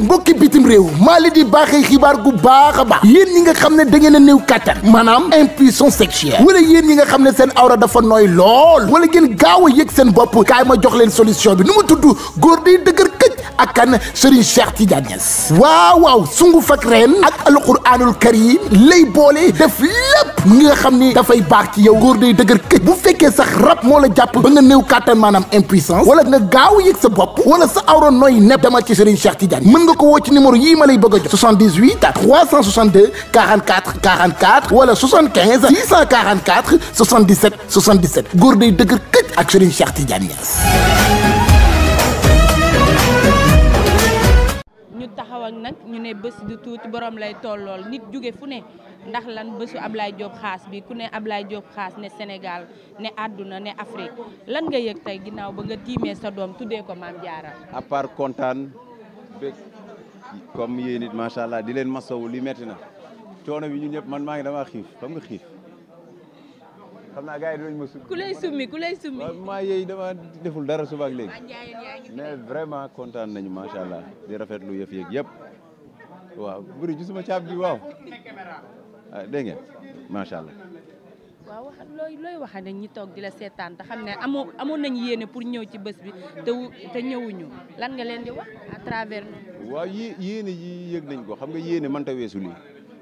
mbokki bitim réew maa leen di baaxee xibaar gu baax a baax yéen ñi nga xam ne da ngeen a néew kàttan maanaam impuissance sexuelle wala yéen ñi nga xam ne seen awra dafa nooy lool wala ngeen gaaw a yëg seen bopp kaay ma jox leen solution bi nu mu tudd góor day dëgër këj ak kan Serigne Cheikh Tidiane Niass waaw waaw sungu fak reen ak alquranul karim lay boole def mi nga xam ni dafay baax ci yow góor day dëgër këj bu fekkee sax rab moo la jàpp ba nga néew kàttan maanaam impuissance wala nga gaaw yëg sa bopp wala sa awra nooy nepp demal ci Serigne Cheikh Tidiane mën nga ko woo ci numéro yii ma lay bëgg a jox 78 362 44 44 wala 75 644 77 77 góor day dëgër këj ak Serigne Cheikh Tidiane Niass. ñu taxaw ak nag ñu ne bés du tuuti borom lay tollool nit jóge fu ne. ndax lan bésu Ablaye Diop xaas bi ku ne Ablaye Diop xaas ne senegal ne àdduna ne Afrique lan nga yëg tey ginnaaw ba nga tiimee sa doom tuddee ko maam Diarra. à part kontaan bég comme yéen it macha allah di leen masawu li metti na coono bi ñun ñëpp man maa ngi dama xiif xam nga xiif. xam naa gars yi dinañ ma summi ku lay summi ku lay summi maa yeey dama deful dara suba léegi mais vraiment kontaan nañu macha allah di rafetlu yëf yëg yëpp. waaw bëri gisuma caab bi waaw ah dégg ngeen macha allah. waaw wax looy looy ñi toog di la seetaan te xam ne amoo amoon nañ yéene pour ñëw ci bés bi te te ñëwuñu lan nga leen di wax à travers. waaw yé yéene yi yëg nañ ko xam nga yéene mënta weesu lii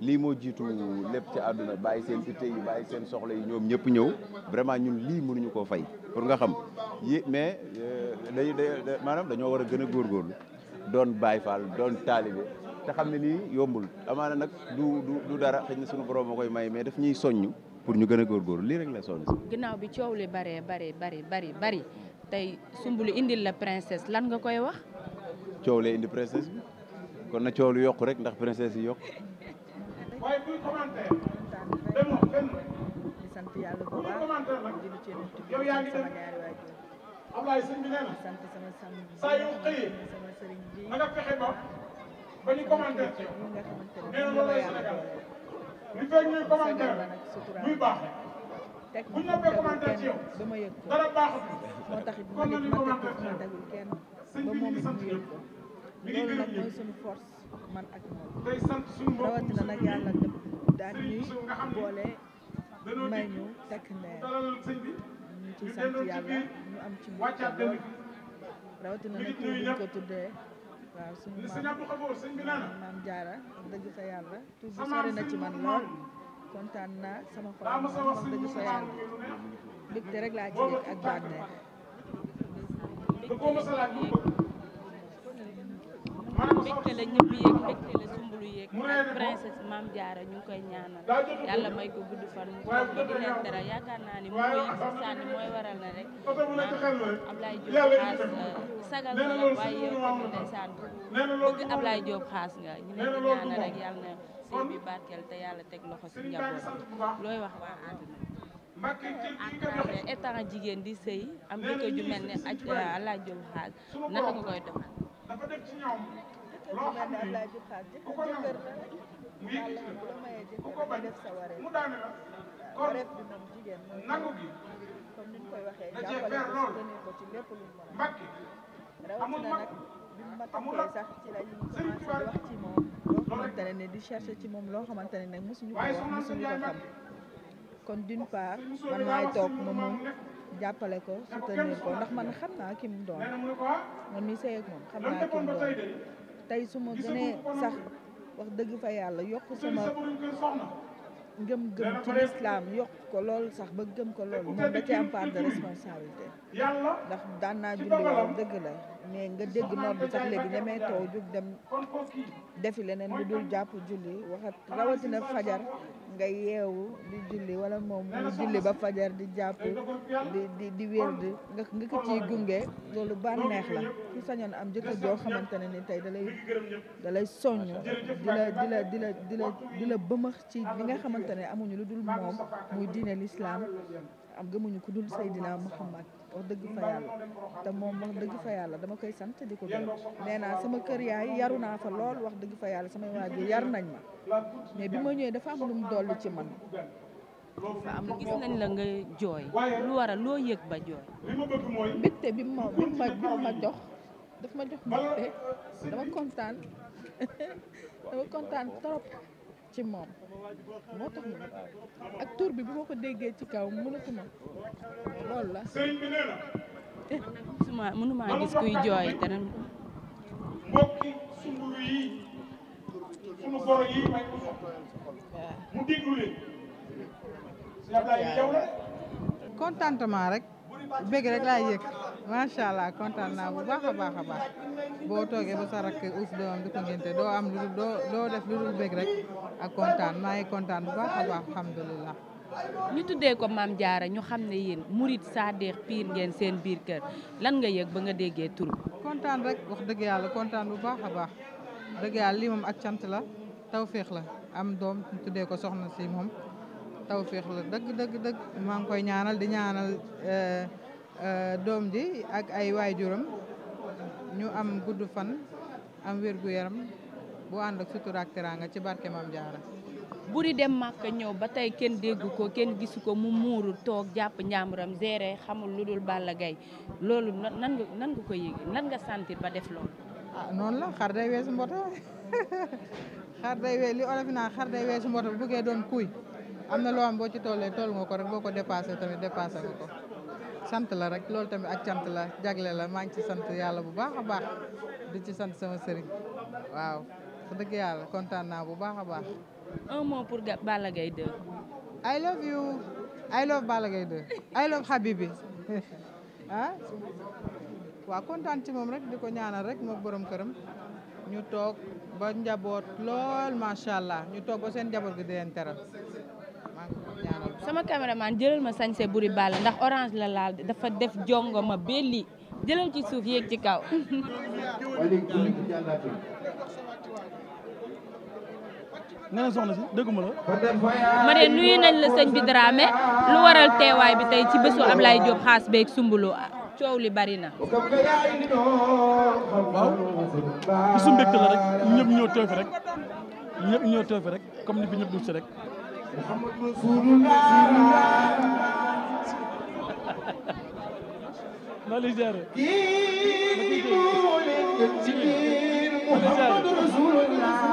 lii moo jiitu lépp ci àdduna bàyyi seen itte yi bàyyi seen soxla yi ñoom ñëpp ñëw vraiment ñun lii mënuñu koo fay pour nga xam yi mais euh, day day maanaam dañoo war a gën a góor góorgóorlu doon Baay Faal doon taalibe te xam ne lii yombul amaana nag du du du dara xëy na suñu borom a koy may mais daf ñuy soññ pour ñu gën a góorgóorlu lii rek la soññ si. ginnaaw bi coow li bëree bëri bëri bëri bëri tey Soumboulou indil la princesse lan nga koy wax. coow lee indi princesse bi kon na coow lu yokk rek ndax princesse yi yokk. waaye buy ba ñu commentaire ci yow nee na loolu Sénégal li fekk ñuy commentaire muy baax bu ñu noppee commentaire ci yow dara baaxul kon na ñu commentaire ci yow sëñ bi ñu ngi sant ñëpp mi ngi gërëm ñëpp tey sant suñu mbokk mu suñu sëriñ su nga xam ne danoo dikk dalal sëñ bi ñu am ci biir wàccaat dem rawatina nag ko tuddee waaw suñu maam maam jaara dëgg fa yàlla tur bi sori ci man lool kontaan naa sama xol wax dëgg fa yàlla mbégte rek laa ci nekk ak bànneex ak princesse Mame Diarra ñu ngi koy ñaanal yàlla may ko gudd fan mu ko di leen yaakaar naa ni mu koy si sànni mooy waral na rek Ablaye Diop xaas sagal na la waaye yow nga ñu rek yàlla na bi barkeel te yàlla teg loxo si njabootam looy wax waa àdduna en tant jigéen di sëy am jëkkër ju mel ne ak euh, Alaaji Diop xaas naka nga koy doxal kër bu mel ne jigéen koy waxee ci lépp lu mu mën a ci moom loo xamante ne ne di chercher kon d'une part man maay toog ma moom jàppale ko soutenir ko ndax man xam naa ki mu doon ah? man mi sëy ak moom xam naa ki mu doon tey suma ma gënee sax wax dëgg fa yàlla yokk sama gëm ngëm ci lislaam yokk ko loolu sax ba gëm ko loolu moom da ci am part de responsabilité ndax daan naa julli woon dëgg la mais nga dégg nodd sax léegi demee too jug dem defi leneen lu dul jàpp julli waxat rawatina fajar nga yeewu di julli wala moom mu julli ba fajar di jàpp di di di wér di nga nga ko ciy gunge loolu bànneex la ku sañoon am jëkkër joo xamante ne ni tey da soññ di la di la di la di la bëmëx ci li nga xamante ne amuñu lu dul moom muy diine lislaam am gëmuñu ku dul Seydina Muhammad wax dëgg fa yàlla te moom wax dëgg fa yàlla dama koy sant di ko gërëm nee naa sama kër yaay yaru naa fa lool wax dëgg fa yàlla samay waajur yar nañ ma mais bi ma ñëwee dafa am lu mu dolli ci man. dafa am gis nañ la nga jooy lu waral loo yëg ba jooy. mbégte bi ma bi ma bi ma jox daf ma jox mbégte dama kontaan dama kontaan trop. ci moo tax ma ak tur bi bu ma ko déggee ci kaw mënatuma loolu la. Eh, mënuma mënuma gis kuy jooy dara. mbokki mu déglu leen. rek bëgg rek laay yëg. macha allah kontaan naa bu baax a baax boo toogee ba sa rakk us doomam di ko ngénte doo am lu doo doo def lu dul bëgg rek ak kontaan maa kontaan bu baax a baax alhamdulilah. ñu tuddee ko maam Diarra ñu xam ne yéen murit saadeex piir ngeen seen biir kër lan nga yëg ba nga déggee tur kontaan rek wax dëgg yàlla kontaan bu baax a baax dëgg yàlla lii moom ak cant la tawféex la am doom ñu tuddee ko soxna si moom tawféex la dëgg dëgg dëgg maa ngi koy ñaanal di ñaanal. Euh, Euh, doom ji ak ay waajuram ñu am gudd fan am wér gu yaram bu ànd ak sutura ak teraanga ci barke Maam Jaara buri dem màkka ñëw ba tey kenn dégg ko kenn gisu ko mu muuru toog jàpp njaamuram géré xamul lu dul Balla gay loolu nan nga ko yéegi nan nga sentir ba def loolu ah noonu la xar day weesu mboto xar day xar day weesu mboto bu buggee doon kuy am na loo am boo ci tollee toll nga ko rek boo ko dépassé tamit dépassé nga ko sant la rek loolu tamit ak cant la jagle la maa ngi ci sant yàlla bu baax a baax di ci sant sama sëriñ waaw wax dëgg yàlla kontaan naa bu baax a baax. un mot pour Balla Gaye 2. I love you I love Balla Gaye 2 I love Habibi ah waaw kontaan ci moom rek di ko ñaanal rek moom borom këram ñu toog ba njaboot lool macha allah ñu toog ba seen njaboot gi di leen teral sama caméraman jëlal ma sañse buri baal ndax orange la laal dafa def jongoma ma belli jëlal ci suuf yéeg ci kaw nga ne soxna si dëgguma la. ma ne nuyu nañ la sëñ bi Dramé lu waral teewaay bi tey ci bésu Ablaye Diop xaas beeg sumbulu ah, coow li bari na. waaw bésu mbégte la rek ñëpp ñoo teew fi rek ñëpp ñoo teew fi rek comme ni fi ñëpp dugg si rek. محمد رسول الله مالي جاري محمد رسول الله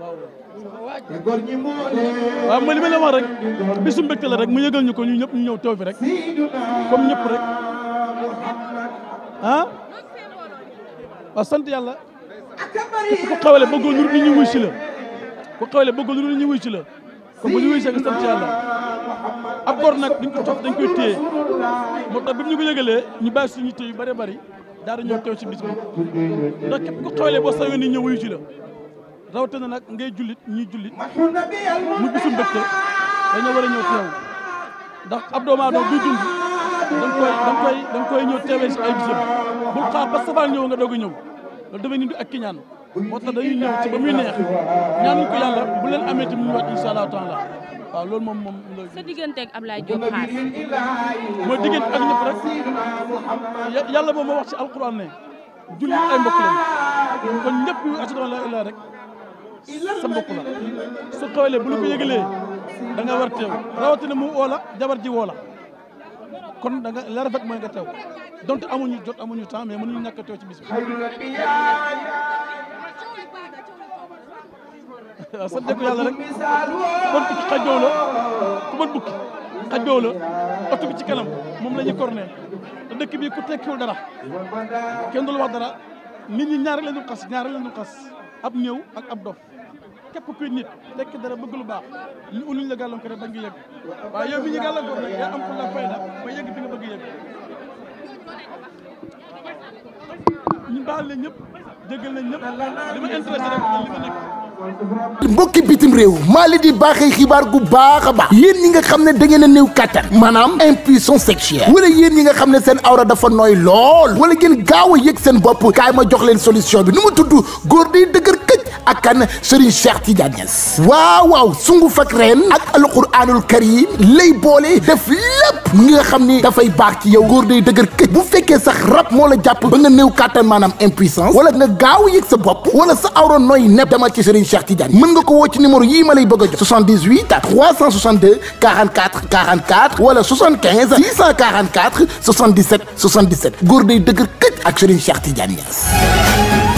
waaw li ma la wax rek bisu mbégte la rek mu yëgal ñu ko ñu ñëpp ñu ñëw teew fi rek comme ñëpp rek ah waaw sant yàlla képp ko xawale bëggoon ñu ñu wuy la ku xewle bëgg lu dul ñu wuy ci la kon bu ñu wuy see nga sant yàlla ab gor nag duñ ko cof dañ koy téye moo tax bi ñu ko yëgalee ñu bàyyi suñu téye yu bëri bëri daal di ñëw teew ci bis bi ndax képp ku xewle boo sawee ni ñëw wuyu ci la rawatina nag ngay jullit ñuy jullit mu bisu mbégte dañoo war a ñëw teew ndax ab doomu aadama buy dund dañ koy dañ koy dañ koy ñëw teewee si ay bisam bul xaar ba safaan ñëw nga doog a ñëw loolu dafay nit ak kiñaan moo tax dañuy ñëw ci ba muy neex ñaanuñ ko yàlla bu leen amee ci mu waat incha allah waaw loolu moom moom la. sa digganteeg Ablaye Diop xaar. mooy diggante ak ñëpp rek yàlla moom moo wax ci alquran ne julli ay mbokk lañ kon sa mbokk bu la da nga war teew rawatina mu woo la jabar kon da nga mooy nga teew donte amuñu jot amuñu temps mais mënuñu ñàkk a ci bis bi. waaw sant ko yàlla rek kon tukki xajoo la ku mën bukki bi ci kanam moom la ñuy corné te dëkk bii ku tekkiwul dara kenn dul wax dara nit ñi ñaari leen dul xas ñaari leen dul xas ab néew ak ab dof képp kuy nit tekki dara bëgg baax ñu uluñ la gàllankoor rek ba nga yëg waaye yow mi ñu gàllankoor nag yaa am ko la ba yëg bi nga bëgg yëg ñu baal leen ñëpp jégal nañ li ma intéressé rek li ma nekk mbokki bitim réew maa li di baaxee xibaar gu baax a baax yéen nga xam ne da ngeen a néew kàttan maanaam impuissance sexuelle wala yéen ñi nga xam ne seen awra dafa nooy lool wala ngeen gaaw a yëg seen bopp kaay ma jox leen solution bi nu mu tudd góor day dëgër këj ak kan Serigne Cheikh Tidiane Niass waaw waaw sungu fak reen ak alquranul karim lay boole def lépp mu mi nga xam ni dafay baax ci yow góor day dëgër këj bu fekkee sax rab moo la jàpp ba nga néew kàttan maanaam impuissance wala nga gaaw yëg sa bopp wala sa awra nooy nepp demal ci Serigne Cheikh Tidiane mën nga ko woo ci numéro yii ma lay bëgg a jox 78 à 362 44 44 wala 75 644 77 77 góor day dëgër këj ak Serigne Cheikh Tidiane